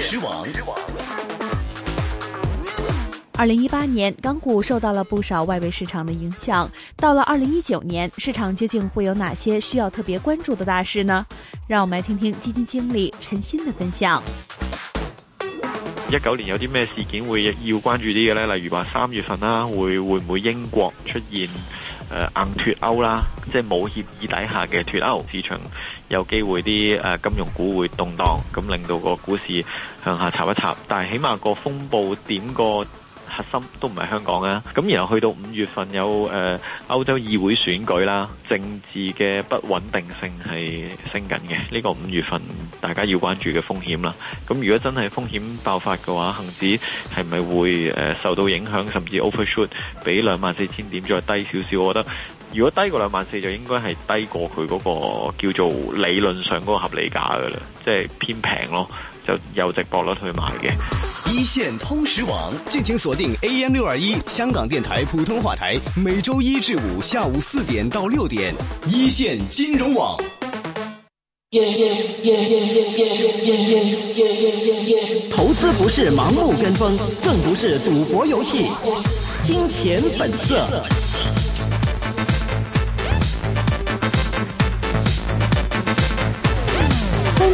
失望。失望。二零一八年，港股受到了不少外圍市場的影響。到了二零一九年，市場究竟會有哪些需要特別關注的大事呢？讓我們來聽聽基金經理陳鑫的分享。一九年有啲咩事件會要關注啲嘅咧？例如話三月份啦、啊，會會唔會英國出現誒、呃、硬脱歐啦、啊？即係冇協議底下嘅脱歐市場。有機會啲誒金融股會動盪，咁令到個股市向下插一插。但係起碼個風暴點個核心都唔係香港啦。咁然後去到五月份有誒歐洲議會選舉啦，政治嘅不穩定性係升緊嘅。呢、這個五月份大家要關注嘅風險啦。咁如果真係風險爆發嘅話，恒指係咪會誒受到影響，甚至 overshoot 比兩萬四千點再低少少？我覺得。如果低過兩萬四就應該係低過佢嗰個叫做理論上嗰個合理價噶啦，即係偏平咯，就有值博率去買嘅。一線通識網，敬請鎖定 AM 六二一香港電台普通話台，每周一至五下午四點到六點。一線金融網。投資不是盲目跟風，更不是賭博遊戲，金錢本色。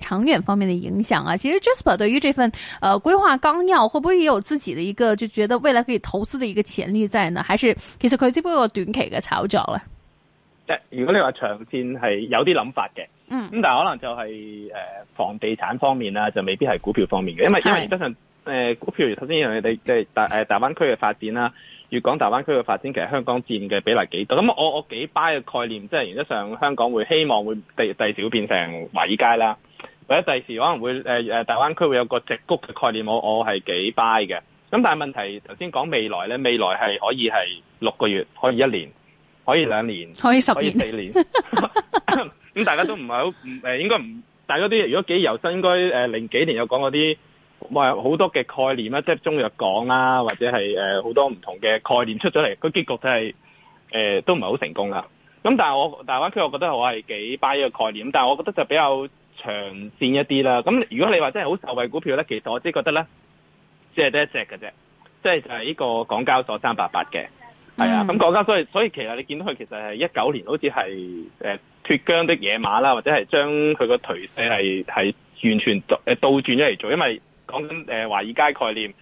長遠方面的影響啊，其實 Jasper 對於這份，呃，規劃綱要，會不會也有自己的一個就覺得未來可以投資的一個潛力在呢？還是其實佢只不過短期嘅炒作咧？即係如果你話長線係有啲諗法嘅，嗯，咁但係可能就係、是、誒、呃、房地產方面啦，就未必係股票方面嘅，因為因為實質上，誒、呃、股票頭先一樣即係大誒大灣區嘅發展啦，粵港大灣區嘅發展，其實香港佔嘅比例幾多？咁、嗯嗯、我我幾 buy 嘅概念，即係原則上香港會希望會第第二少變成華爾街啦。或者第時可能會誒誒，大灣區會有個直谷嘅概念。我我係幾 buy 嘅。咁但係問題頭先講未來咧，未來係可以係六個月，可以一年，可以兩年，可以十年，可以四年，咁 大家都唔係好誒，應該唔大家都如果幾由新應該誒零幾年有講嗰啲，唔係好多嘅概念啦，即係中藥港啦，或者係誒好多唔同嘅概念出咗嚟，個結局，就係呃、都係誒都唔係好成功啦。咁但係我大灣區，我覺得我係幾 buy 個概念，但係我覺得就比較長線一啲啦。咁如果你話真係好受惠股票咧，其實我只覺得咧，只係得一隻嘅啫。即係就係、是、呢個港交所三八八嘅，係、嗯、啊。咁港交所所以其實你見到佢其實係一九年好似係脫脱韁的野馬啦，或者係將佢個趨勢係係完全倒,倒轉咗嚟做，因為講緊誒、呃、華爾街概念。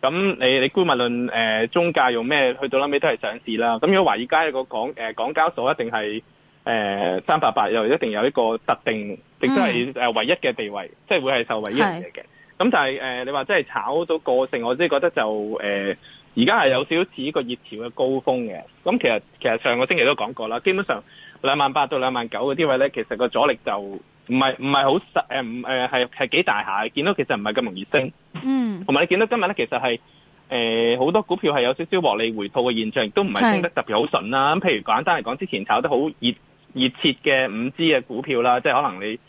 咁你你估無論、呃、中介用咩去到啦尾都係上市啦。咁如果華爾街個港、呃、港交所一定係誒三八八又一定有呢個特定。亦都係唯一嘅地位，嗯、即係會係受惠於人嚟嘅。咁但係誒、呃，你話真係炒到個性，我即係覺得就誒，而家係有少少似呢個熱潮嘅高峰嘅。咁、嗯、其實其實上個星期都講過啦，基本上兩萬八到兩萬九嗰啲位咧，其實個阻力就唔係唔係好實唔誒係係幾大下嘅。見到其實唔係咁容易升。嗯。同埋你見到今日咧，其實係誒好多股票係有少少獲利回吐嘅現象，亦都唔係升得特別好順啦。咁譬如簡單嚟講，之前炒得好熱，熱切嘅五支嘅股票啦，即係可能你。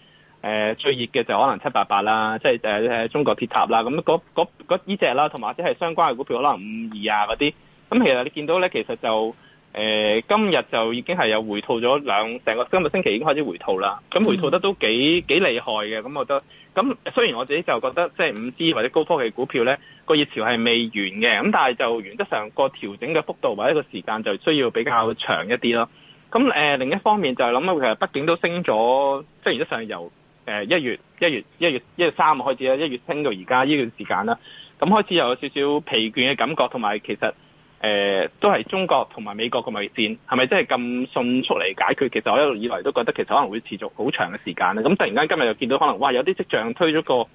誒最熱嘅就可能七八八啦，即、就、係、是、中國鐵塔啦，咁嗰嗰嗰隻啦，同埋或者係相關嘅股票可能五二啊嗰啲，咁其實你見到咧，其實就誒、呃、今日就已經係有回吐咗兩成，個今個星期已經開始回吐啦，咁回吐得都幾幾厲害嘅，咁我覺得，咁雖然我自己就覺得即係五 G 或者高科技股票咧、那個熱潮係未完嘅，咁但係就原則上個調整嘅幅度或者個時間就需要比較長一啲咯。咁、呃、另一方面就係諗下，其實畢竟都升咗，即係原則上由誒、uh, 一月一月一月一月三號開始啦，一月升到而家呢段時間啦，咁開始又有少少疲倦嘅感覺，同埋其實誒、呃、都係中國同埋美國嘅貿易戰，係咪真係咁迅速嚟解決？其實我一路以來都覺得其實可能會持續好長嘅時間啦。咁突然間今日又見到可能哇有啲跡象推咗個誒、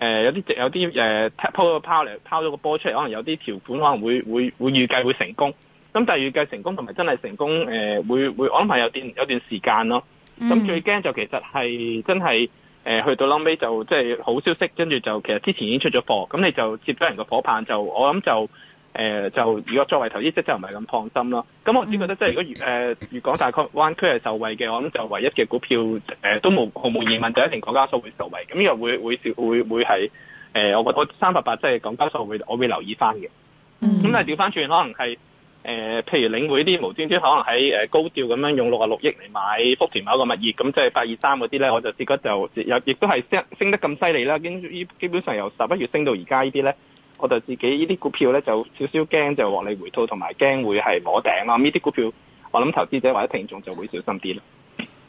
呃、有啲有啲誒、呃、拋個拋嚟拋咗個波出嚟，可能有啲條款可能會會會，會預計會成功。咁但係預計成功同埋真係成功誒、呃、會，會我安排有段有段時間咯。咁、嗯、最驚就其實係真係，誒去到後尾，就即係好消息，跟住就其實之前已經出咗貨，咁你就接咗人個火棒，就我諗就誒就如果作為投資者即係唔係咁放心咯。咁我只覺得即係如果粵誒港大區灣區係受惠嘅，我諗就唯一嘅股票誒都無毫無疑問就一定港交所會受惠，咁呢個會會少會會係誒我我三百八即係港交所會我會留意翻嘅。咁但係調翻轉可能係。誒、呃，譬如領匯啲無端端，端可能喺高調咁樣用六啊六億嚟買福田某個物業，咁即係八二三嗰啲咧，我就覺得就亦亦都係升升得咁犀利啦。基本上由十一月升到而家呢啲咧，我就自己呢啲股票咧就少少驚，就獲利回吐同埋驚會係摸頂啦。呢啲股票我諗投資者或者聽眾就會小心啲啦。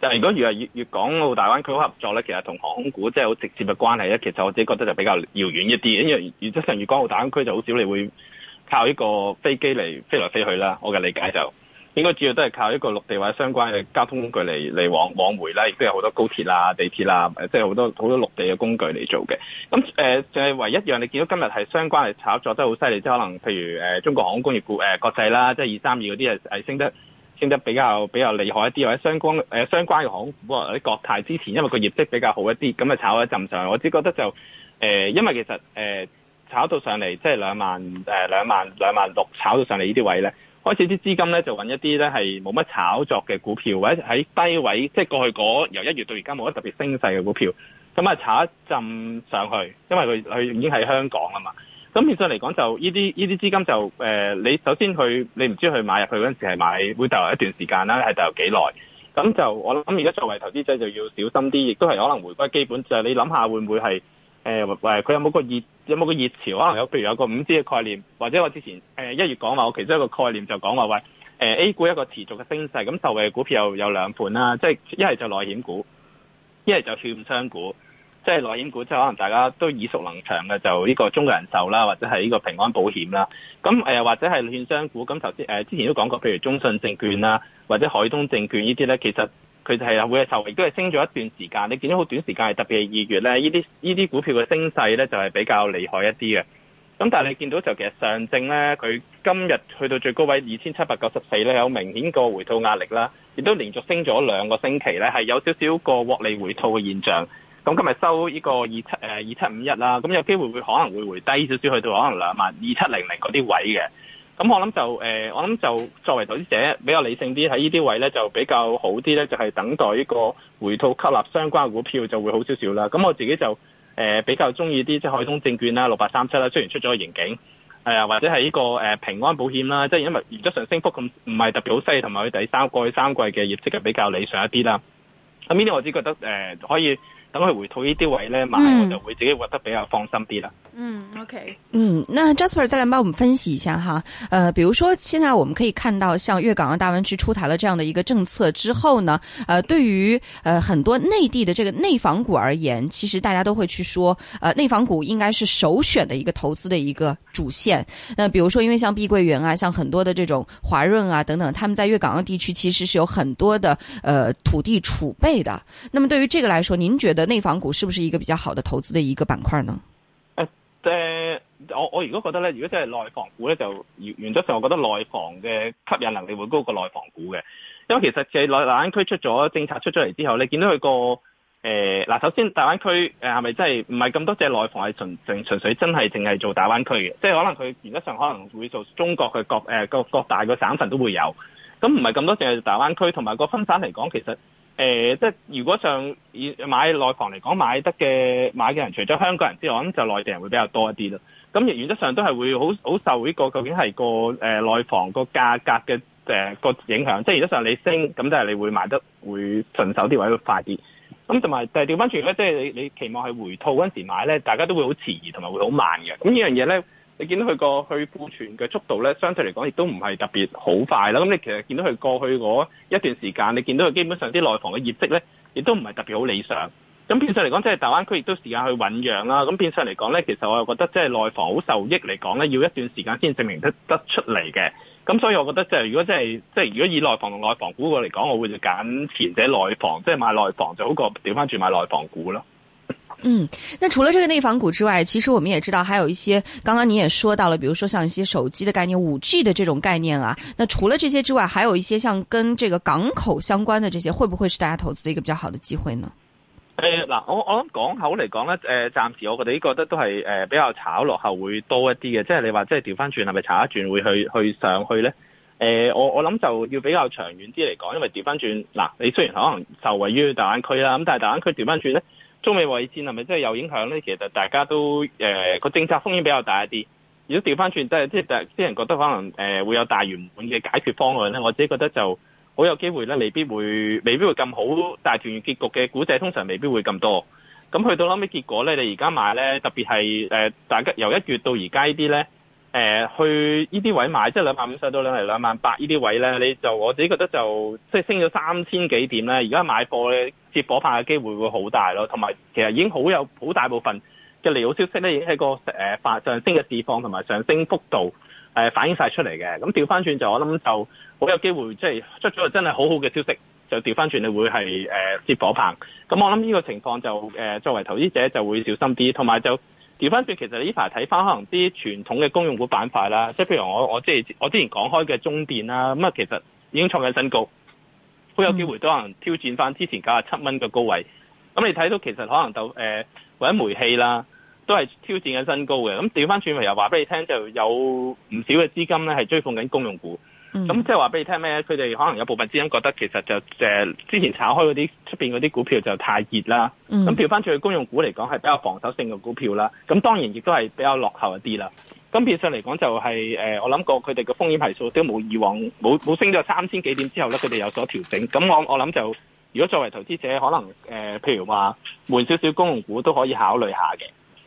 但係如果越係粵粵港澳大灣區合作咧，其實同航空股即係好直接嘅關係咧。其實我自己覺得就比較遙遠一啲，因為原則上粵港澳大灣區就好少你會靠一個飛機嚟飛來飛去啦。我嘅理解就應該主要都係靠一個陸地或者相關嘅交通工具嚟嚟往往回啦。亦都有好多高鐵啦、地鐵啦，即係好多好多陸地嘅工具嚟做嘅。咁誒、呃，就係、是、唯一,一樣你見到今日係相關嘅炒作都好犀利，即、就、係、是、可能譬如誒、呃、中國航空工業股誒、呃、國際啦，即係二三二嗰啲係係升得。升得比較比較厲害一啲，或者相關誒、呃、相關嘅行股或者國泰之前，因為個業績比較好一啲，咁啊炒咗一陣上去。我只覺得就誒、呃，因為其實誒炒到上嚟即係兩萬誒兩萬兩萬六，炒到上嚟呢啲位咧，開始啲資金咧就揾一啲咧係冇乜炒作嘅股票，或者喺低位，即係過去嗰由一月到而家冇乜特別升勢嘅股票，咁啊炒一陣上去，因為佢佢已經喺香港啊嘛。咁現時嚟講就呢啲呢啲資金就誒、呃、你首先佢你唔知佢買，去買入去嗰陣時係買會逗留一段時間啦，係逗留幾耐？咁就我諗，而家作為投資者就要小心啲，亦都係可能回歸基本。就係、你諗下會唔會係誒、呃、喂？佢有冇個熱有冇個熱潮？可能有，譬如有個五 G 嘅概念，或者我之前誒一、呃、月講話，我其中一個概念就講話喂、呃、A 股一個持續嘅升勢，咁受惠嘅股票又有兩盤啦，即係一係就內險股，一係就券商股。即係內險股，即係可能大家都耳熟能詳嘅，就呢個中國人壽啦，或者係呢個平安保險啦。咁誒，或者係券商股。咁頭先誒，之前都講過，譬如中信證券啦，或者海通證券呢啲咧，其實佢哋就係會受益，亦都係升咗一段時間。你見到好短時間，係特別係二月咧，呢啲呢啲股票嘅升勢咧，就係比較厲害一啲嘅。咁但係你見到就其實上證咧，佢今日去到最高位二千七百九十四咧，有明顯個回吐壓力啦，亦都連續升咗兩個星期咧，係有少少個獲利回吐嘅現象。咁今日收呢個二七誒二七五一啦，咁有機會會可能會回低少少，去到可能兩萬二七零零嗰啲位嘅。咁我諗就、呃、我諗就作為投資者比較理性啲，喺呢啲位咧就比較好啲咧，就係、是、等待呢個回吐吸納相關股票就會好少少啦。咁我自己就誒、呃、比較中意啲即係海通證券啦、六八三七啦，雖然出咗個刑警，啊、呃，或者係呢個、呃、平安保險啦，即係因為原則上升幅咁唔係特別好犀利，同埋佢第三個三季嘅業績係比較理想一啲啦。咁呢啲我只覺得誒、呃、可以。等佢回吐呢啲位咧，買我就會自己獲得比較放心啲啦。嗯，嗯，OK，嗯，那 Jasper 再嚟幫我們分析一下哈。呃，比如說現在我們可以看到，像粵港澳大灣區出台了這樣的一個政策之後呢，呃，對於呃很多內地的這個內房股而言，其實大家都會去說，呃，內房股應該是首選的一個投資的一個主線。那，比如說因為像碧桂園啊，像很多的這種華潤啊等等，他們在粵港澳地區其實是有很多的呃土地儲備的。那麼對於這個來說，您覺得？的內房股是不是一個比較好的投資的一個板塊呢？誒、呃呃，我我如果覺得咧，如果真係內房股咧，就原則上我覺得內房嘅吸引能力會高過內房股嘅，因為其實其實大灣區出咗政策出咗嚟之後，你見到佢個誒，嗱、呃，首先大灣區誒係咪真係唔係咁多隻內房係純純純粹真係淨係做大灣區嘅，即係可能佢原則上可能會做中國嘅各誒、呃、各各大嘅省份都會有，咁唔係咁多隻大灣區，同埋個分散嚟講，其實。誒、呃，即係如果上買內房嚟講，買得嘅買嘅人，除咗香港人之外，咁就內地人會比較多一啲咯。咁而原則上都係會好好受呢個究竟係個誒、呃、內房個價格嘅誒、呃、個影響。即係原則上你升，咁但係你會買得會順手啲或者會快啲。咁同埋但係調翻轉咧，即係你你期望係回吐嗰陣時買咧，大家都會好遲疑同埋會好慢嘅。咁呢樣嘢咧。你見到佢個去庫存嘅速度咧，相對嚟講亦都唔係特別好快啦。咁你其實見到佢過去嗰一段時間，你見到佢基本上啲內房嘅業績咧，亦都唔係特別好理想。咁變相嚟講，即係大灣區亦都時間去醖釀啦。咁變相嚟講咧，其實我又覺得即係內房好受益嚟講咧，要一段時間先證明得得出嚟嘅。咁所以，我覺得即係如果即係即係如果以內房同內房股嚟講，我會揀前者內房，即係買內房就好過調翻轉買內房股咯。嗯，那除了這個內房股之外，其實我們也知道，還有一些，剛剛你也說到了，比如說像一些手機的概念、五 G 的這種概念啊。那除了這些之外，還有一些像跟這個港口相關的這些，會不會是大家投資的一個比較好的機會呢？誒、呃，嗱，我我諗港口嚟講呢，誒、呃，暫時我哋覺得都係誒、呃、比較炒落後會多一啲嘅，即係你話即係調翻轉係咪炒一轉會去去上去呢？誒、呃，我我諗就要比較長遠啲嚟講，因為調翻轉嗱，你雖然可能受惠於大灣區啦，咁但係大灣區調翻轉呢。中美位戰係咪真係有影響咧？其實大家都誒個、呃、政策風險比較大一啲。如果調翻轉，即係即係啲人覺得可能誒、呃、會有大圓滿嘅解決方案咧，我自己覺得就好有機會咧，未必會未必會咁好大團圓結局嘅故仔，通常未必會咁多。咁去到後尾結果咧，你而家買咧，特別係誒大家由一月到而家呢啲咧。誒、呃、去呢啲位買，即係兩萬五上到兩係兩萬八呢啲位咧，你就我自己覺得就即係升咗三千幾點咧，而家買貨咧接火棒嘅機會會好大咯。同埋其實已經好有好大部分嘅利好消息咧，已經喺個發、呃、上升嘅市況同埋上升幅度、呃、反映晒出嚟嘅。咁調翻轉就我諗就好有機會，即係出咗真係好好嘅消息，就調翻轉你會係、呃、接火棒。咁我諗呢個情況就、呃、作為投資者就會小心啲，同埋就。調翻轉，其實呢排睇翻可能啲傳統嘅公用股板塊啦，即係譬如我我即係我之前講開嘅中電啦，咁啊其實已經創緊新高，好有機會都可能挑戰翻之前九十七蚊嘅高位。咁你睇到其實可能就誒，或、呃、者煤氣啦，都係挑戰緊新高嘅。咁調翻轉，咪又話俾你聽，就有唔少嘅資金咧係追捧緊公用股。咁即係話俾你聽咩？佢哋可能有部分資金覺得其實就誒之前炒開嗰啲出面嗰啲股票就太熱啦。咁調翻轉去公用股嚟講係比較防守性嘅股票啦。咁當然亦都係比較落後一啲啦。咁變相嚟講就係、是、誒，我諗過佢哋嘅風險係數都冇以往冇冇升咗三千幾點之後咧，佢哋有所調整。咁我我諗就如果作為投資者，可能誒、呃、譬如話換少少公用股都可以考慮下嘅。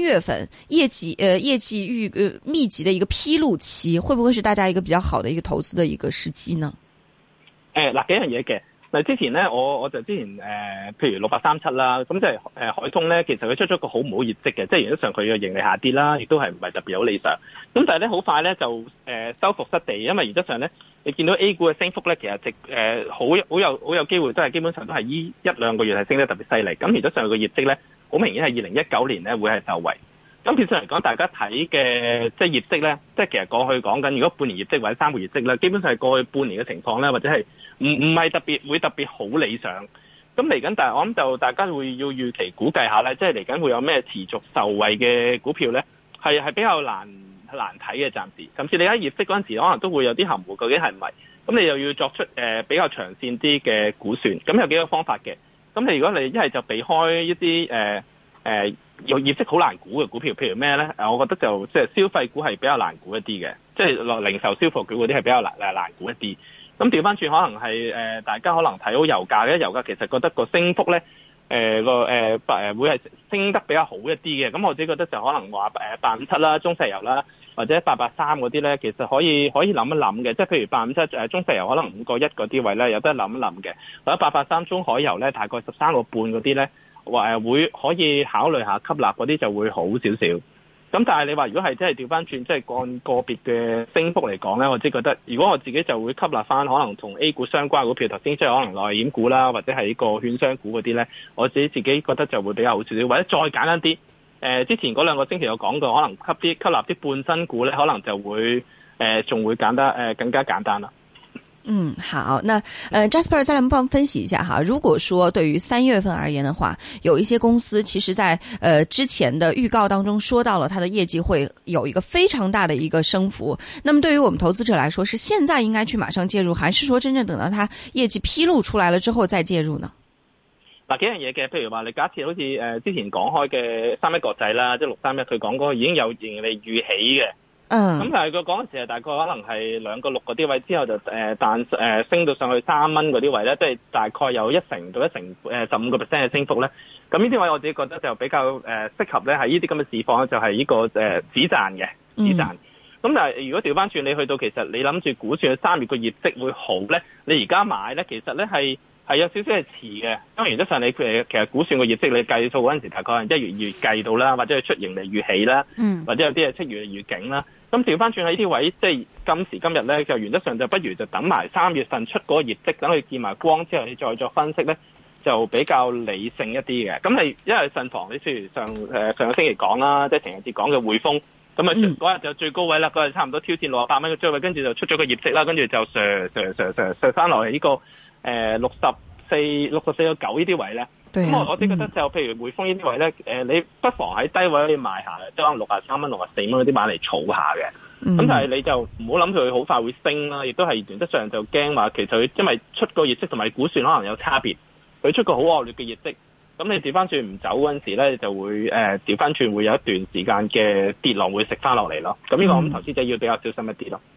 月份業績，誒、呃、業績預，誒、呃、密集嘅一個披露期，會唔會係大家一個比較好嘅一個投資嘅一個時機呢？誒、呃，嗱幾樣嘢嘅，嗱之前咧，我我就之前誒、呃，譬如六八三七啦，咁即係誒海通咧，其實佢出咗個不好唔好業績嘅，即、就、係、是、原則上佢嘅盈利下跌啦，亦都係唔係特別有理想，咁但係咧好快咧就誒收、呃、復失地，因為原則上咧你見到 A 股嘅升幅咧，其實直誒好好有好有機會都係基本上都係依一,一兩個月係升得特別犀利，咁原則上個業績咧。好明顯係二零一九年咧會係受惠。咁變相嚟講，大家睇嘅即係業績咧，即係其實過去講緊，如果半年業績或者三個月業績咧，基本上係過去半年嘅情況咧，或者係唔唔係特別會特別好理想。咁嚟緊，但係我諗就大家會要預期估計一下咧，即係嚟緊會有咩持續受惠嘅股票咧，係係比較難難睇嘅。暫時甚至你喺業績嗰陣時，可能都會有啲含糊，究竟係唔係？咁你又要作出誒、呃、比較長線啲嘅估算，咁有幾個方法嘅。咁你如果你一係就避開一啲誒誒，有、呃呃、業績好難估嘅股票，譬如咩咧？我覺得就即係消費股係比較難估一啲嘅，即係落零售、消費股嗰啲係比較難,難估一啲。咁調翻轉，可能係誒、呃、大家可能睇好油價嘅，油價其實覺得個升幅咧，誒個誒會係升得比較好一啲嘅。咁我自己覺得就可能話誒，八五七啦，中石油啦。或者八八三嗰啲咧，其實可以可以諗一諗嘅，即係譬如八五七中石油可能五個一嗰啲位咧，有得諗一諗嘅。或者八八三中海油咧，大概十三個半嗰啲咧，話會可以考慮下吸納嗰啲就會好少少。咁但係你話如果係真係調翻轉，即係按個別嘅升幅嚟講咧，我即係覺得，如果我自己就會吸納翻可能同 A 股相關股票頭先，即係可能內險股啦，或者係個券商股嗰啲咧，我自己自己覺得就會比較好少少，或者再簡單啲。呃之前嗰兩個星期有講過，可能吸啲吸納啲半新股呢，可能就會呃仲會簡單呃更加簡單啦。嗯，好，那呃 Jasper 再來幫我們分析一下哈，如果說對於三月份而言的話，有一些公司其實在呃之前的預告當中說到了它的業績會有一個非常大的一個升幅，那麼對於我們投資者來說，是現在應該去馬上介入，還是說真正等到它業績披露出來了之後再介入呢？嗱幾樣嘢嘅，譬如話你假設好似誒之前講開嘅三一國際啦，即係六三一，佢講嗰已經有盈利預起嘅。嗯。咁但係佢嗰陣時係大概可能係兩個六嗰啲位之後就誒彈誒升到上去三蚊嗰啲位咧，即、就、係、是、大概有一成到一成誒十五個 percent 嘅升幅咧。咁呢啲位我自己覺得就比較誒適合咧，係呢啲咁嘅市況就係呢個誒止賺嘅止賺。咁、uh -huh. 但係如果調翻轉你去到其實你諗住估轉嘅三月個業績會好咧，你而家買咧，其實咧係。係有少少係遲嘅，原則上你譬其實估算個業績，你計數嗰陣時大概係一月二月計到啦，或者係出盈利預期啦，或者有啲係七月預警啦。咁調翻轉喺呢啲位，即係今時今日咧，就原則上就不如就等埋三月份出嗰個業績，等佢見埋光之後，你再作分析咧，就比較理性一啲嘅。咁係因為慎防你譬如上上星期講啦，即係成日跌講嘅匯豐，咁啊嗰日就最高位啦，嗰日差唔多挑戰六百蚊嘅最位，跟住就出咗個業績啦，跟住就 Sir, Sir, Sir, Sir, Sir, 上上上上上翻落嚟呢個。誒，六十四、六十四個九呢啲位咧，咁我我哋覺得就、嗯、譬如匯豐呢啲位咧，誒，你不妨喺低位可以買下，即可能六啊三蚊、六啊四蚊嗰啲買嚟儲下嘅。咁但係你就唔好諗佢好快會升啦，亦都係原則上就驚話，其實佢因為出個業績同埋估算可能有差別，佢出個好惡劣嘅業績，咁你調翻轉唔走嗰陣時咧，就會誒調翻轉會有一段時間嘅跌浪會食翻落嚟咯。咁呢個我諗投資者要比較小心一啲咯。嗯嗯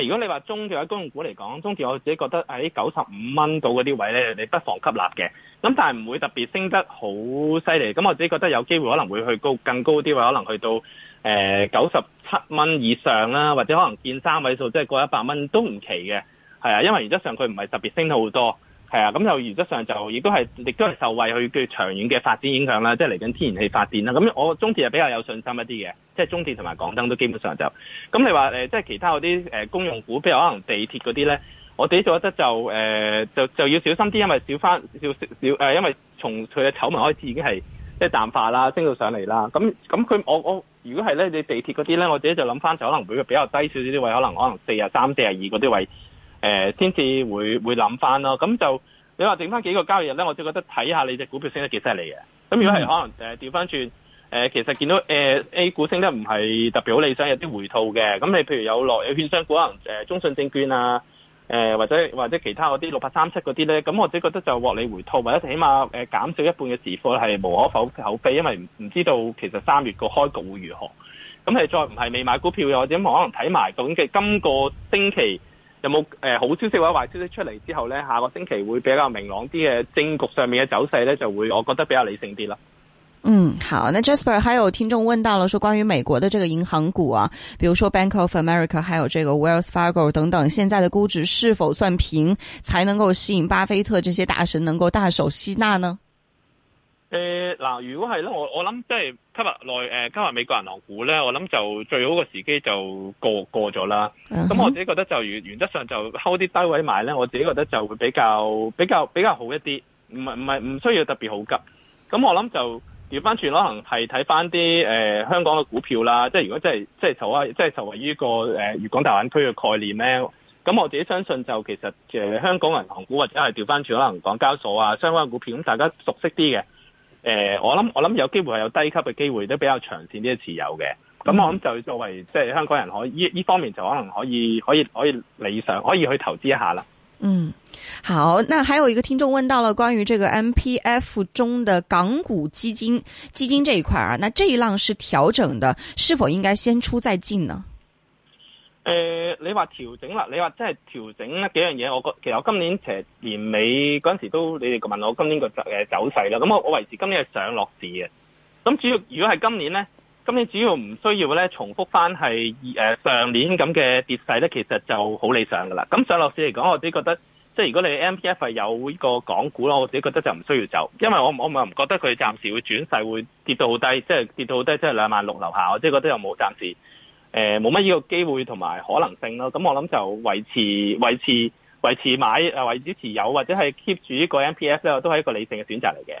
如果你話中條喺公用股嚟講，中條我自己覺得喺九十五蚊度嗰啲位咧，你不妨吸納嘅。咁但係唔會特別升得好犀利。咁我自己覺得有機會可能會去高更高啲位，可能去到誒九十七蚊以上啦，或者可能見三位數，即係過一百蚊都唔奇嘅。係啊，因為原則上佢唔係特別升得好多。係啊，咁就原則上就亦都係，亦都係受惠佢嘅長遠嘅發展影響啦，即係嚟緊天然氣發電啦。咁我中電係比較有信心一啲嘅，即係中電同埋港燈都基本上就。咁你話、呃、即係其他嗰啲、呃、公用股，譬如可能地鐵嗰啲咧，我自己覺得就、呃、就就要小心啲，因為少翻少少，因為從佢嘅醜聞開始已經係即係淡化啦，升到上嚟啦。咁咁佢我我如果係咧，你地鐵嗰啲咧，我自己就諗翻就可能比比較低少少啲位，可能可能四啊三四啊二嗰啲位。誒、呃，先至會會諗翻咯。咁就你話剩翻幾個交易日咧，我就覺得睇下你隻股票升得幾犀利嘅。咁如果係可能誒調翻轉，誒、呃呃、其實見到誒、呃、A 股升得唔係特別好理想，有啲回吐嘅。咁你譬如有內有券商股，可能誒中信證券啊，誒、呃、或者或者其他嗰啲六百三七嗰啲咧，咁我自己覺得就獲利回吐，或者起碼誒減少一半嘅持貨係係無可否否非，因為唔唔知道其實三月開個開局會如何。咁你再唔係未買股票又或者可能睇埋究竟嘅今個星期。有冇誒好消息或者壞消息出嚟之後呢？下個星期會比較明朗啲嘅政局上面嘅走勢呢，就會我覺得比較理性啲啦。嗯，好。那 Jasper，還有聽眾問到了，說關於美國的這個銀行股啊，比如說 Bank of America，還有這個 Wells Fargo 等等，現在的估值是否算平，才能夠吸引巴菲特這些大神能夠大手吸納呢？誒、呃、嗱，如果係咧，我我諗即係今日內誒今日美國銀行股咧，我諗就最好個時機就過過咗啦。咁、uh -huh. 嗯、我自己覺得就原原則上就溝啲低位買咧，我自己覺得就會比較比較比較好一啲。唔係唔係唔需要特別好急。咁、嗯、我諗就調翻轉可能係睇翻啲誒香港嘅股票啦。即係如果真係即係就話即係就為呢個誒粵、呃、港大灣區嘅概念咧，咁、嗯、我自己相信就其實、呃、香港銀行股或者係調翻轉可能港交所啊相關嘅股票，咁大家熟悉啲嘅。誒，我諗我諗有機會係有低級嘅機會，都比較長線啲持有嘅。咁我諗就作為即係香港人，可以呢呢方面就可能可以可以可以理想，可以去投資一下啦。嗯，好。那還有一個聽眾問到了關於這個 MPF 中的港股基金基金這一塊啊，那這一浪是調整的，是否應該先出再進呢？誒、呃，你話調整啦，你話即係調整呢幾樣嘢，我覺得其實我今年其實年尾嗰陣時都，你哋問我今年個誒走勢啦。咁我我維持今年係上落市嘅。咁主要如果係今年咧，今年主要唔需要咧重複翻係誒上年咁嘅跌勢咧，其實就好理想噶啦。咁上落市嚟講，我自己覺得即係如果你 MPF 係有呢個港股咯，我自己覺得就唔需要走，因為我我唔覺得佢暫時會轉勢會跌到好低，即係跌到好低，即係兩萬六樓下，我即係覺得又冇暫時。誒，冇乜呢個機會同埋可能性咯，咁我諗就維持維持維持買誒維持持有或者係 keep 住呢個 MPS 咧，都係一個理性嘅選擇嚟嘅。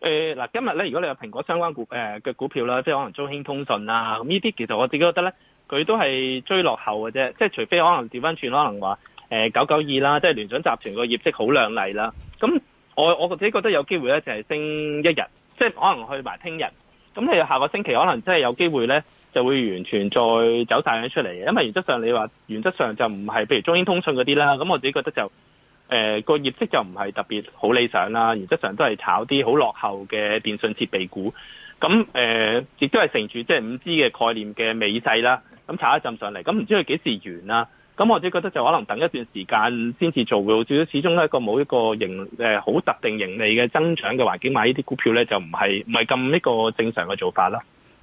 誒，嗱，今日咧，如果你有蘋果相關股，誒嘅股票啦、呃，即可能中興通訊啊，咁呢啲其實我自己覺得咧，佢都係追落後嘅啫，即係除非可能調翻轉，可能話，誒九九二啦，992, 即係聯想集團個業績好亮麗啦，咁我我自己覺得有機會咧，就係升一日，即係可能去埋聽日，咁你下個星期可能即係有機會咧，就會完全再走晒嘅出嚟嘅，因為原則上你話原則上就唔係，譬如中興通訊嗰啲啦，咁我自己覺得就。誒、呃那個業績就唔係特別好理想啦，原則上都係炒啲好落後嘅電訊設備股，咁誒亦都係乘住即係五 G 嘅概念嘅美勢啦，咁炒一陣上嚟，咁唔知佢幾時完啦？咁我哋覺得就可能等一段時間先至做，至少始終一個冇一個盈、呃、好特定盈利嘅增長嘅環境買呢啲股票咧，就唔係唔係咁呢個正常嘅做法啦。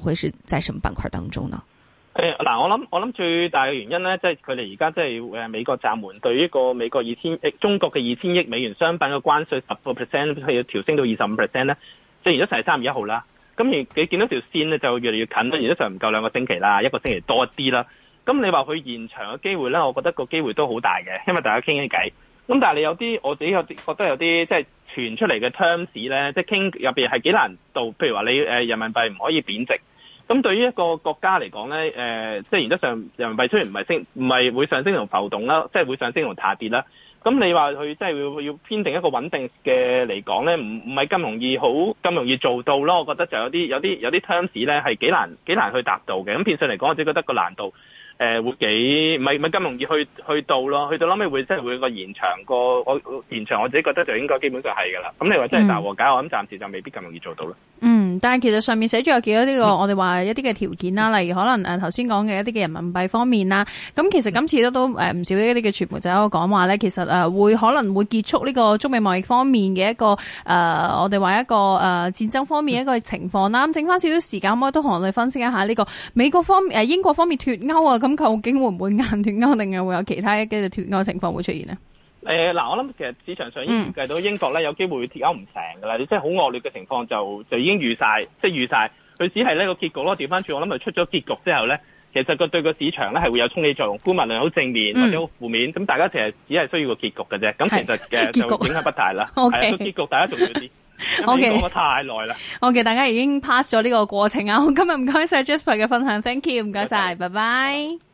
會是在什麼板塊當中呢？誒嗱，我諗我諗最大嘅原因咧，即係佢哋而家即係誒美國暫緩對呢個美國二千中國嘅二千億美元商品嘅關稅十 percent 係要調升到二十五 percent 咧，即係而家成係三月一號啦。咁而你見到條線咧就越嚟越近啦，而家就唔夠兩個星期啦，一個星期多一啲啦。咁你話佢延長嘅機會咧，我覺得個機會都好大嘅，因為大家傾傾偈。咁但係你有啲我自己有啲覺得有啲即係傳出嚟嘅 terms 咧，即係傾入邊係幾難度，譬如話你誒人民幣唔可以貶值。咁對於一個國家嚟講咧，呃，即係原則上人民幣雖然唔係升，唔係會上升同浮動啦，即係會上升同下跌啦。咁你話佢即係要要編定一個穩定嘅嚟講咧，唔唔係咁容易好咁容易做到咯。我覺得就有啲有啲有啲 terms 咧係幾難幾難去達到嘅。咁變相嚟講，我自己覺得個難度。誒、呃、會幾唔係唔係咁容易去去到咯，去到，去到後屘會真係會有個延長個我延長，我自己覺得就應該基本上係㗎啦。咁你話真係大和解，我諗暫時就未必咁容易做到啦。嗯，但係其實上面寫咗有幾多呢個我哋話一啲嘅條件啦、嗯，例如可能誒頭先講嘅一啲嘅人民幣方面啦。咁其實今次都都誒唔少一啲嘅傳媒就喺度講話咧，其實誒會可能會結束呢個中美貿易方面嘅一個誒、呃、我哋話一個誒、呃、戰爭方面一個情況啦。咁、嗯、剩翻少少時間，可唔可以都同我哋分析一下呢個美國方誒英國方面脫歐啊咁究竟會唔會硬脫歐，定係會有其他嘅嘅脫歐情況會出現呢？誒、嗯、嗱、嗯、我、嗯、諗其實市場上已經預計到英國咧有機會會脫歐唔成㗎喇，即係好惡劣嘅情況就就已經預晒，即係預晒。佢只係呢個結局咯。調返轉，我諗佢出咗結局之後咧，其實個對個市場咧係會有衝擊作用，股民量好正面，嗯，或者好負面。咁大家其實只係需要個結局嘅啫。咁其實嘅影響不大啦。個結局，大，結局嗯 okay，大，結局大家仲要 O.K. 我太耐啦。O.K. 大家已經 pass 咗呢個過程啊。好，今日唔該曬 Jasper 嘅分享，Thank you，唔該曬，拜拜。